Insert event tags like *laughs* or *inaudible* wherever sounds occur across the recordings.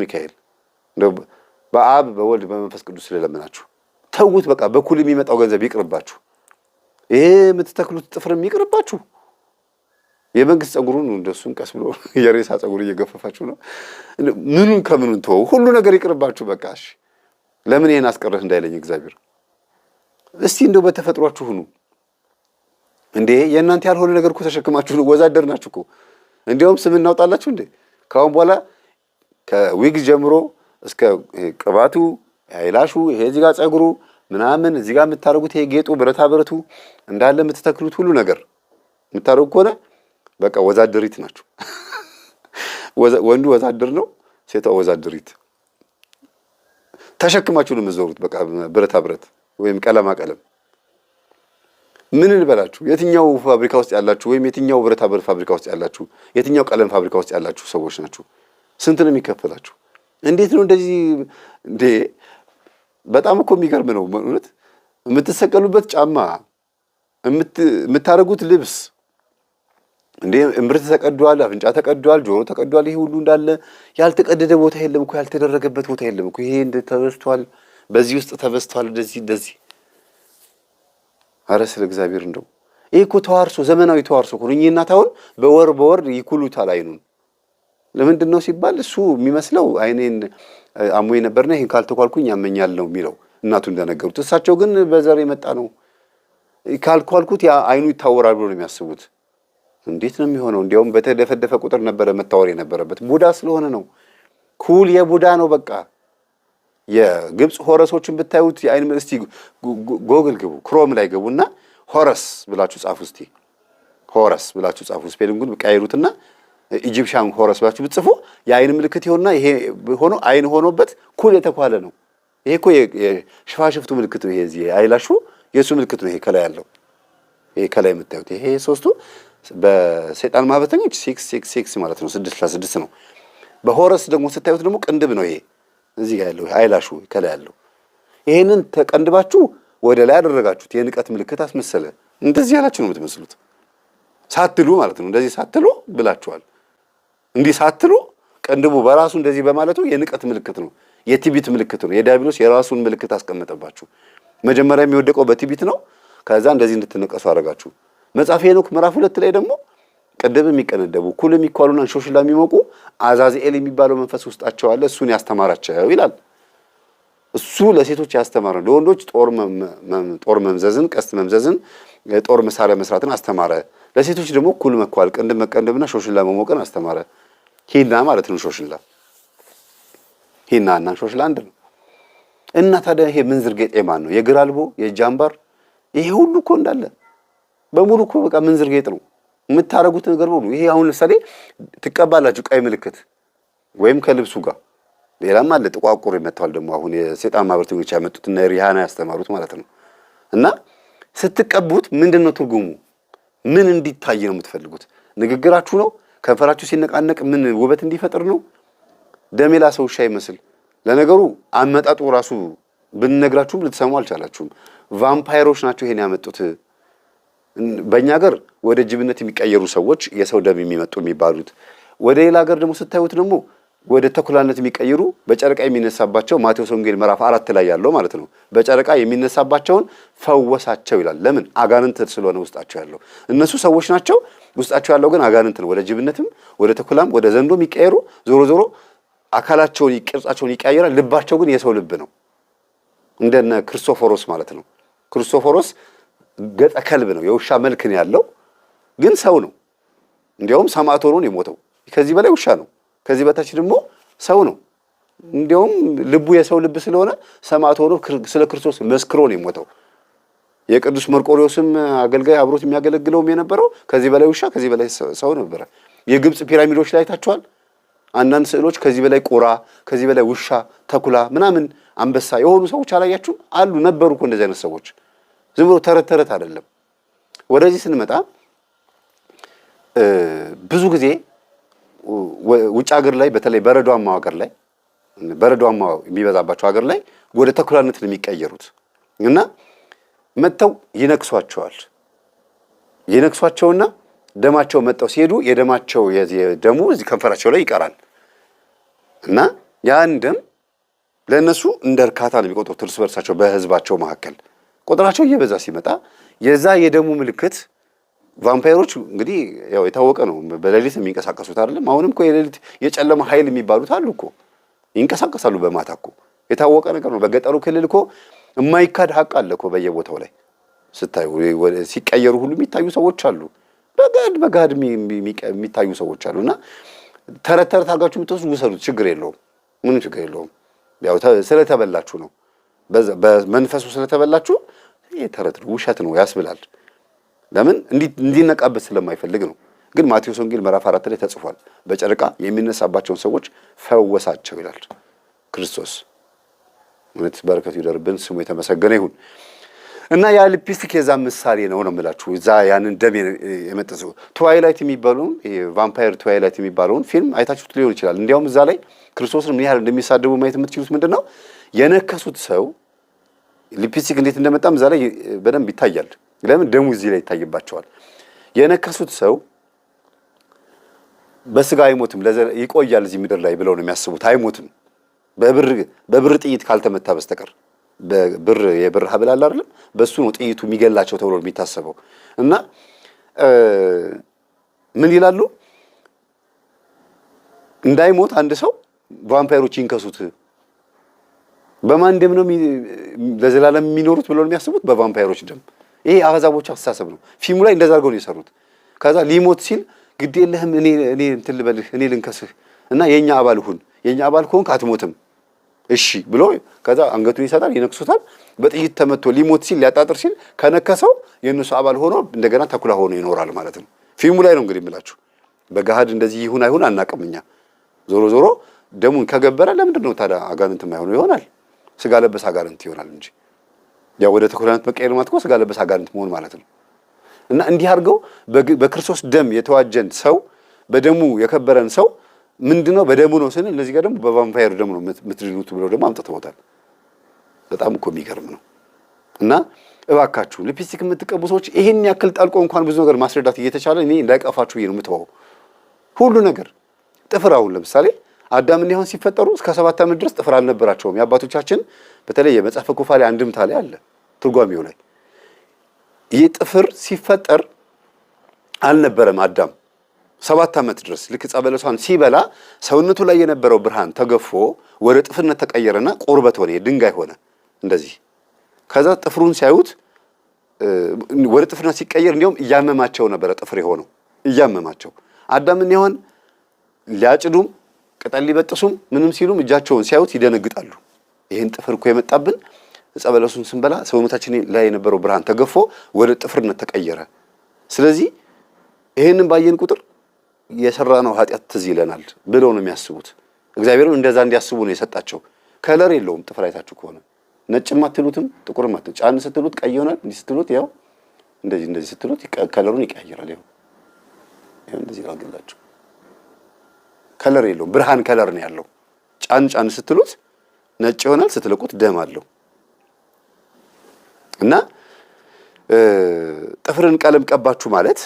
ሚካኤል በአብ በወልድ በመንፈስ ቅዱስ ስለለመናችሁ ተውት። በቃ በኩል የሚመጣው ገንዘብ ይቅርባችሁ። ይሄ የምትተክሉት ጥፍርም ይቅርባችሁ። የመንግስት ጸጉሩን እንደሱም ቀስ ብሎ *laughs* የሬሳ ጸጉር እየገፈፋችሁ ነው። ምኑን ከምኑን ተወው፣ ሁሉ ነገር ይቅርባችሁ። በቃ እሺ፣ ለምን ይሄን አስቀረት እንዳይለኝ እግዚአብሔር። እስቲ እንደው በተፈጥሯችሁ ሁኑ እንዴ! የእናንተ ያልሆነ ነገር እኮ ተሸክማችሁ ነው። ወዛደር ናችሁ እኮ። እንዲያውም ስም እናውጣላችሁ እንዴ ከአሁን በኋላ ከዊግ ጀምሮ እስከ ቅባቱ ኃይላሹ ይሄ እዚህ ጋር ጸጉሩ ምናምን እዚህ ጋር የምታደርጉት ይሄ ጌጡ ብረታ ብረቱ እንዳለ የምትተክሉት ሁሉ ነገር የምታደርጉ ከሆነ በቃ ወዛደሪት ናቸው። *laughs* ወንዱ ወዛደር ነው፣ ሴቷ ወዛደሪት። ተሸክማችሁ ነው የምትዞሩት። በቃ ብረታ ብረት ወይም ቀለማ ቀለም ምን እንበላችሁ። የትኛው ፋብሪካ ውስጥ ያላችሁ ወይም የትኛው ብረታ ብረት ፋብሪካ ውስጥ ያላችሁ፣ የትኛው ቀለም ፋብሪካ ውስጥ ያላችሁ ሰዎች ናችሁ? ስንት ነው የሚከፈላችሁ? እንዴት ነው እንደዚህ እንዴ? በጣም እኮ የሚገርም ነው እውነት። የምትሰቀሉበት ጫማ፣ የምታደርጉት ልብስ እንዴ እምብርት ተቀዷል፣ አፍንጫ ተቀዷል፣ ጆሮ ተቀዷል። ይሄ ሁሉ እንዳለ ያልተቀደደ ቦታ የለም እኮ ያልተደረገበት ቦታ የለም እኮ። ይሄ እንደ ተበስቷል፣ በዚህ ውስጥ ተበስቷል፣ እንደዚህ እንደዚህ። አረ ስለ እግዚአብሔር እንደው ይሄ እኮ ተዋርሶ ዘመናዊ ተዋርሶ እኮ ነው። እኚህ እናት አሁን በወር በወር ይኩሉታል አይኑን ለምንድን ነው ሲባል እሱ የሚመስለው አይኔን አሞ ነበርና ይህን ካልተኳልኩኝ ያመኛል ነው የሚለው እናቱ እንደነገሩት። እሳቸው ግን በዘር የመጣ ነው ካልኳልኩት አይኑ ይታወራል ብሎ ነው የሚያስቡት። እንዴት ነው የሚሆነው? እንዲያውም በተደፈደፈ ቁጥር ነበረ መታወር የነበረበት። ቡዳ ስለሆነ ነው። ኩል የቡዳ ነው በቃ። የግብፅ ሆረሶችን ብታዩት የአይን እስቲ ጎግል ግቡ፣ ክሮም ላይ ግቡና ሆረስ ብላችሁ ጻፉ። እስቲ ሆረስ ብላችሁ ጻፉ። ስፔሊንጉን ቀይሩትና ኢጂፕሽያን ኮረስ ብላችሁ ብትጽፉ የአይን ምልክት ይሆንና ይሄ ሆኖ አይን ሆኖበት ኩል የተኳለ ነው። ይሄ እኮ የሽፋሽፍቱ ምልክት ነው። ይሄ እዚህ አይላሹ የእሱ ምልክት ነው። ይሄ ከላይ ያለው ይሄ ከላይ የምታዩት ይሄ ሶስቱ በሰይጣን ማህበተኞች ሲክስ ሲክስ ሲክስ ማለት ነው፣ ስድስት ለስድስት ነው። በሆረስ ደግሞ ስታዩት ደግሞ ቅንድብ ነው። ይሄ እዚህ ጋር ያለው አይላሹ ከላይ ያለው ይሄንን ተቀንድባችሁ ወደ ላይ ያደረጋችሁት የንቀት ምልክት አስመሰለ። እንደዚህ ያላችሁ ነው የምትመስሉት ሳትሉ ማለት ነው። እንደዚህ ሳትሉ ብላችኋል። እንዲህ ሳትሉ ቀንድቡ በራሱ እንደዚህ በማለቱ የንቀት ምልክት ነው፣ የትቢት ምልክት ነው። የዲያብሎስ የራሱን ምልክት አስቀመጠባችሁ። መጀመሪያ የሚወደቀው በትቢት ነው። ከዛ እንደዚህ እንድትነቀሱ አደረጋችሁ። መጽሐፈ ሄኖክ ምዕራፍ ሁለት ላይ ደግሞ ቅድብ የሚቀነደቡ ኩል የሚኳሉና ሾሽላ የሚሞቁ አዛዝኤል የሚባለው መንፈስ ውስጣቸው አለ፣ እሱን ያስተማራቸው ይላል። እሱ ለሴቶች ያስተማረ ለወንዶች ጦር መምዘዝን፣ ቀስት መምዘዝን፣ ጦር መሳሪያ መስራትን አስተማረ። ለሴቶች ደግሞ ኩል መኳል፣ ቅንድብ መቀንደብና ሾሽላ መሞቅን አስተማረ። ሂና ማለት ነው ሾሽላ ሂና እና ሾሽላ አንድ ነው። እና ታዲያ ይሄ ምንዝር ጌጤ ማን ነው? የግራ አልቦ የእጅ አምባር ይሄ ሁሉ እኮ እንዳለ በሙሉ እኮ በቃ ምንዝር ጌጥ ነው የምታደርጉት ነገር በሙሉ። ይሄ አሁን ለምሳሌ ትቀባላችሁ ቀይ ምልክት ወይም ከልብሱ ጋር ሌላም አለ። ጥቋቁር ይመተዋል ደግሞ አሁን የሴጣን ማህበርተኞች ያመጡት እና ሪሃና ያስተማሩት ማለት ነው። እና ስትቀቡት ምንድን ነው ትርጉሙ? ምን እንዲታይ ነው የምትፈልጉት? ንግግራችሁ ነው ከንፈራችሁ ሲነቃነቅ ምን ውበት እንዲፈጥር ነው? ደም የላሰው ውሻ ይመስል። ለነገሩ አመጣጡ ራሱ ብንነግራችሁም ልትሰሙ አልቻላችሁም። ቫምፓይሮች ናቸው ይሄን ያመጡት። በእኛ ሀገር ወደ ጅብነት የሚቀየሩ ሰዎች የሰው ደም የሚመጡ የሚባሉት፣ ወደ ሌላ ሀገር ደግሞ ስታዩት ደግሞ ወደ ተኩላነት የሚቀይሩ በጨረቃ የሚነሳባቸው ማቴዎስ ወንጌል ምዕራፍ አራት ላይ ያለው ማለት ነው። በጨረቃ የሚነሳባቸውን ፈወሳቸው ይላል። ለምን? አጋንንት ስለሆነ ውስጣቸው ያለው። እነሱ ሰዎች ናቸው፣ ውስጣቸው ያለው ግን አጋንንት ነው። ወደ ጅብነትም ወደ ተኩላም ወደ ዘንዶ የሚቀየሩ ዞሮ ዞሮ አካላቸውን ቅርጻቸውን ይቀያየራል። ልባቸው ግን የሰው ልብ ነው። እንደነ ክርስቶፎሮስ ማለት ነው። ክርስቶፎሮስ ገጠ ከልብ ነው፣ የውሻ መልክ ነው ያለው፣ ግን ሰው ነው። እንዲያውም ሰማዕት ሆኖ ነው የሞተው። ከዚህ በላይ ውሻ ነው። ከዚህ በታች ደግሞ ሰው ነው። እንዲያውም ልቡ የሰው ልብ ስለሆነ ሰማዕት ሆኖ ስለ ክርስቶስ መስክሮ ነው የሞተው። የቅዱስ መርቆሪዎስም አገልጋይ አብሮት የሚያገለግለውም የነበረው ከዚህ በላይ ውሻ፣ ከዚህ በላይ ሰው ነበረ። የግብፅ ፒራሚዶች ላይ ታችኋል። አንዳንድ ስዕሎች ከዚህ በላይ ቁራ፣ ከዚህ በላይ ውሻ፣ ተኩላ፣ ምናምን አንበሳ የሆኑ ሰዎች አላያችሁም? አሉ ነበሩ እኮ እንደዚህ አይነት ሰዎች። ዝም ብሎ ተረት ተረት አይደለም። ወደዚህ ስንመጣ ብዙ ጊዜ ውጭ ሀገር ላይ በተለይ በረዷማው ሀገር ላይ በረዷማው የሚበዛባቸው ሀገር ላይ ወደ ተኩላነት ነው የሚቀየሩት እና መጥተው ይነክሷቸዋል። ይነክሷቸውና ደማቸው መጥተው ሲሄዱ የደማቸው ደሙ እዚህ ከንፈራቸው ላይ ይቀራል እና ያን ደም ለእነሱ እንደ እርካታ ነው የሚቆጥሩት እርስ በርሳቸው በህዝባቸው መካከል ቁጥራቸው እየበዛ ሲመጣ የዛ የደሙ ምልክት ቫምፓይሮች እንግዲህ ያው የታወቀ ነው፣ በሌሊት የሚንቀሳቀሱት አይደለም። አሁንም እኮ የሌሊት የጨለማ ኃይል የሚባሉት አሉ እኮ ይንቀሳቀሳሉ። በማታ እኮ የታወቀ ነገር ነው። በገጠሩ ክልል እኮ የማይካድ ሀቅ አለ እኮ በየቦታው ላይ ስታዩ ሲቀየሩ ሁሉ የሚታዩ ሰዎች አሉ። በጋድ በጋድ የሚታዩ ሰዎች አሉ። እና ተረት ተረት አድርጋችሁ ውሰዱት፣ ችግር የለውም፣ ምንም ችግር የለውም። ያው ስለተበላችሁ ነው፣ በመንፈሱ ስለተበላችሁ ይህ ተረት ነው፣ ውሸት ነው ያስብላል። ለምን እንዲነቃበት ስለማይፈልግ ነው። ግን ማቴዎስ ወንጌል ምዕራፍ አራት ላይ ተጽፏል። በጨረቃ የሚነሳባቸውን ሰዎች ፈወሳቸው ይላል ክርስቶስ። እውነት በረከቱ ይደርብን፣ ስሙ የተመሰገነ ይሁን። እና ያ ሊፕስቲክ የዛ ምሳሌ ነው ነው የምላችሁ። እዛ ያንን ደም የመጠሰው ትዋይላይት የሚባለውን ቫምፓየር ትዋይላይት የሚባለውን ፊልም አይታችሁት ሊሆን ይችላል። እንዲያውም እዛ ላይ ክርስቶስን ምን ያህል እንደሚሳደቡ ማየት የምትችሉት ምንድን ነው የነከሱት ሰው ሊፕስቲክ እንዴት እንደመጣም እዛ ላይ በደንብ ይታያል። ለምን ደሙ እዚህ ላይ ይታይባቸዋል። የነከሱት ሰው በስጋ አይሞትም ይቆያል እዚህ ምድር ላይ ብለው ነው የሚያስቡት። አይሞትም በብር በብር ጥይት ካልተመታ በስተቀር በብር የብር ሀብል አለ አይደለም፣ በሱ ነው ጥይቱ የሚገላቸው ተብሎ የሚታሰበው እና ምን ይላሉ እንዳይሞት አንድ ሰው ቫምፓይሮች ይንከሱት። በማን ደም ነው ለዘላለም የሚኖሩት ብለው ነው የሚያስቡት? በቫምፓይሮች ደም ይሄ አህዛቦች አስተሳሰብ ነው። ፊልሙ ላይ እንደዛ አድርገው ነው የሰሩት። ከዛ ሊሞት ሲል ግድ የለህም እኔ እኔ እንትን ልበልህ እኔ ልንከስህ እና የኛ አባል ሁን የኛ አባል ከሆንክ አትሞትም እሺ ብሎ ከዛ አንገቱን ይሰጣል፣ ይነክሱታል። በጥይት ተመቶ ሊሞት ሲል ሊያጣጥር ሲል ከነከሰው የእነሱ አባል ሆኖ እንደገና ተኩላ ሆኖ ይኖራል ማለት ነው። ፊልሙ ላይ ነው እንግዲህ የምላችሁ። በገሃድ እንደዚህ ይሁን አይሁን አናቅም እኛ። ዞሮ ዞሮ ደሙን ከገበረ ለምንድን ነው ታዲያ አጋንንት የማይሆነው? ይሆናል ስጋ ለበስ አጋንንት ይሆናል እንጂ ያው ወደ ተኩላነት መቀየር ማለት ስጋ ለበስ አጋንንት መሆን ማለት ነው። እና እንዲህ አድርገው በክርስቶስ ደም የተዋጀን ሰው በደሙ የከበረን ሰው ምንድነው? በደሙ ነው ስንል እነዚህ ጋር ደግሞ በቫምፓየር ደም ነው የምትድኑት ብለው ደግሞ አምጥተውታል። በጣም እኮ የሚገርም ነው። እና እባካችሁ ሊፕስቲክ የምትቀቡ ሰዎች ይሄን ያክል ጠልቆ እንኳን ብዙ ነገር ማስረዳት እየተቻለ እኔ እንዳይቀፋችሁ ብዬ ነው ሁሉ ነገር ጥፍር አሁን ለምሳሌ አዳም ሔዋን ሲፈጠሩ እስከ ሰባት ዓመት ድረስ ጥፍር አልነበራቸውም። የአባቶቻችን በተለይ የመጽሐፈ ኩፋሌ አንድምታ ላይ አለ። ትርጓሜው ላይ ይህ ጥፍር ሲፈጠር አልነበረም አዳም ሰባት ዓመት ድረስ ልክ ዕፀ በለሷን ሲበላ ሰውነቱ ላይ የነበረው ብርሃን ተገፎ ወደ ጥፍርነት ተቀየረና ቁርበት ሆነ፣ ድንጋይ ሆነ እንደዚህ። ከዛ ጥፍሩን ሲያዩት ወደ ጥፍርነት ሲቀየር እንዲያውም እያመማቸው ነበረ ጥፍር የሆነው እያመማቸው። አዳምን ይሆን ሊያጭዱም ቅጠል ሊበጥሱም ምንም ሲሉም እጃቸውን ሲያዩት ይደነግጣሉ። ይህን ጥፍር እኮ የመጣብን ዕፀ በለሱን ስንበላ ሰውነታችን ላይ የነበረው ብርሃን ተገፎ ወደ ጥፍርነት ተቀየረ። ስለዚህ ይህንን ባየን ቁጥር የሰራ ነው ኃጢአት ትዝ ይለናል ብለው ነው የሚያስቡት። እግዚአብሔርም እንደዛ እንዲያስቡ ነው የሰጣቸው። ከለር የለውም ጥፍር አይታችሁ ከሆነ ነጭ ማትሉትም ጥቁር አትሉት። ጫን ስትሉት ቀይ ይሆናል። እንዲህ ስትሉት ያው እንደዚህ እንደዚህ ስትሉት ከለሩን ይቀያይራል። ይኸው ይኸው እንደዚህ ላድርግላችሁ። ከለር የለውም ብርሃን ከለር ነው ያለው። ጫን ጫን ስትሉት ነጭ ይሆናል፣ ስትለቁት ደም አለው። እና ጥፍርን ቀለም ቀባችሁ ማለት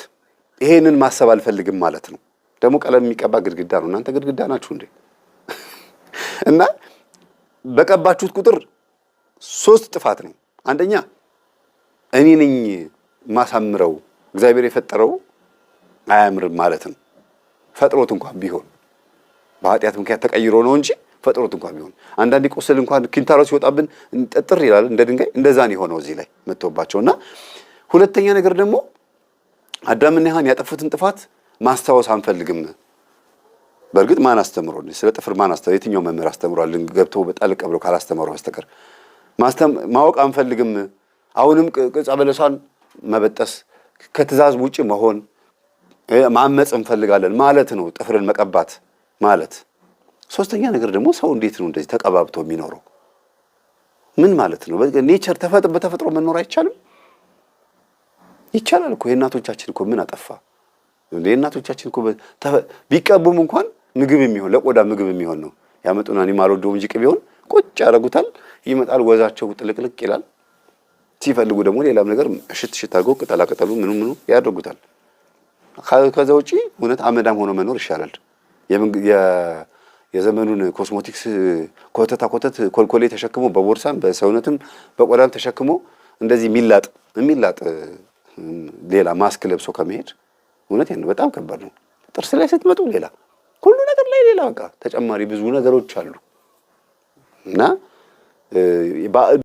ይሄንን ማሰብ አልፈልግም ማለት ነው። ደግሞ ቀለም የሚቀባ ግድግዳ ነው። እናንተ ግድግዳ ናችሁ እንዴ? *laughs* እና በቀባችሁት ቁጥር ሶስት ጥፋት ነው። አንደኛ እኔ ነኝ ማሳምረው እግዚአብሔር የፈጠረው አያምርም ማለት ነው። ፈጥሮት እንኳን ቢሆን በኃጢአት ምክንያት ተቀይሮ ነው እንጂ ፈጥሮት እንኳን ቢሆን አንዳንድ ቁስል እንኳን ኪንታሮ ሲወጣብን ጥጥር ይላል እንደ ድንጋይ። እንደዛ ነው የሆነው እዚህ ላይ መጥቶባቸው እና ሁለተኛ ነገር ደግሞ አዳምና ሔዋን ያጠፉትን ጥፋት ማስታወስ አንፈልግም። በእርግጥ ማን አስተምሮ ስለ ጥፍር ማን አስተምሮ የትኛው መምህር አስተምሯል? ገብቶ በጣልቀ ብሎ ካላስተምሮ በስተቀር ማወቅ አንፈልግም። አሁንም ቅርጻ በለሷን መበጠስ፣ ከትእዛዝ ውጭ መሆን፣ ማመፅ እንፈልጋለን ማለት ነው። ጥፍርን መቀባት ማለት ሶስተኛ ነገር ደግሞ ሰው እንዴት ነው እንደዚህ ተቀባብቶ የሚኖረው? ምን ማለት ነው? ኔቸር በተፈጥሮ መኖር አይቻልም? ይቻላል እኮ። የእናቶቻችን እኮ ምን አጠፋ? የእናቶቻችን እኮ ቢቀቡም እንኳን ምግብ የሚሆን ለቆዳ ምግብ የሚሆን ነው ያመጡና እኔ ማልወደው እንጂ ቅቤ ቢሆን ቁጭ ያደርጉታል፣ ይመጣል፣ ወዛቸው ጥልቅልቅ ይላል። ሲፈልጉ ደግሞ ሌላም ነገር እሽት እሽት አድርገው ቅጠላቅጠሉ ምኑ ምኑ ያደርጉታል። ከዛ ውጪ እውነት አመዳም ሆኖ መኖር ይሻላል። የዘመኑን ኮስሞቲክስ ኮተታ ኮተት ኮልኮሌ ተሸክሞ በቦርሳም በሰውነትም በቆዳም ተሸክሞ እንደዚህ የሚላጥ የሚላጥ ሌላ ማስክ ለብሶ ከመሄድ እውነት ነው፣ በጣም ከባድ ነው። ጥርስ ላይ ስትመጡ ሌላ ሁሉ ነገር ላይ ሌላ በቃ ተጨማሪ ብዙ ነገሮች አሉ እና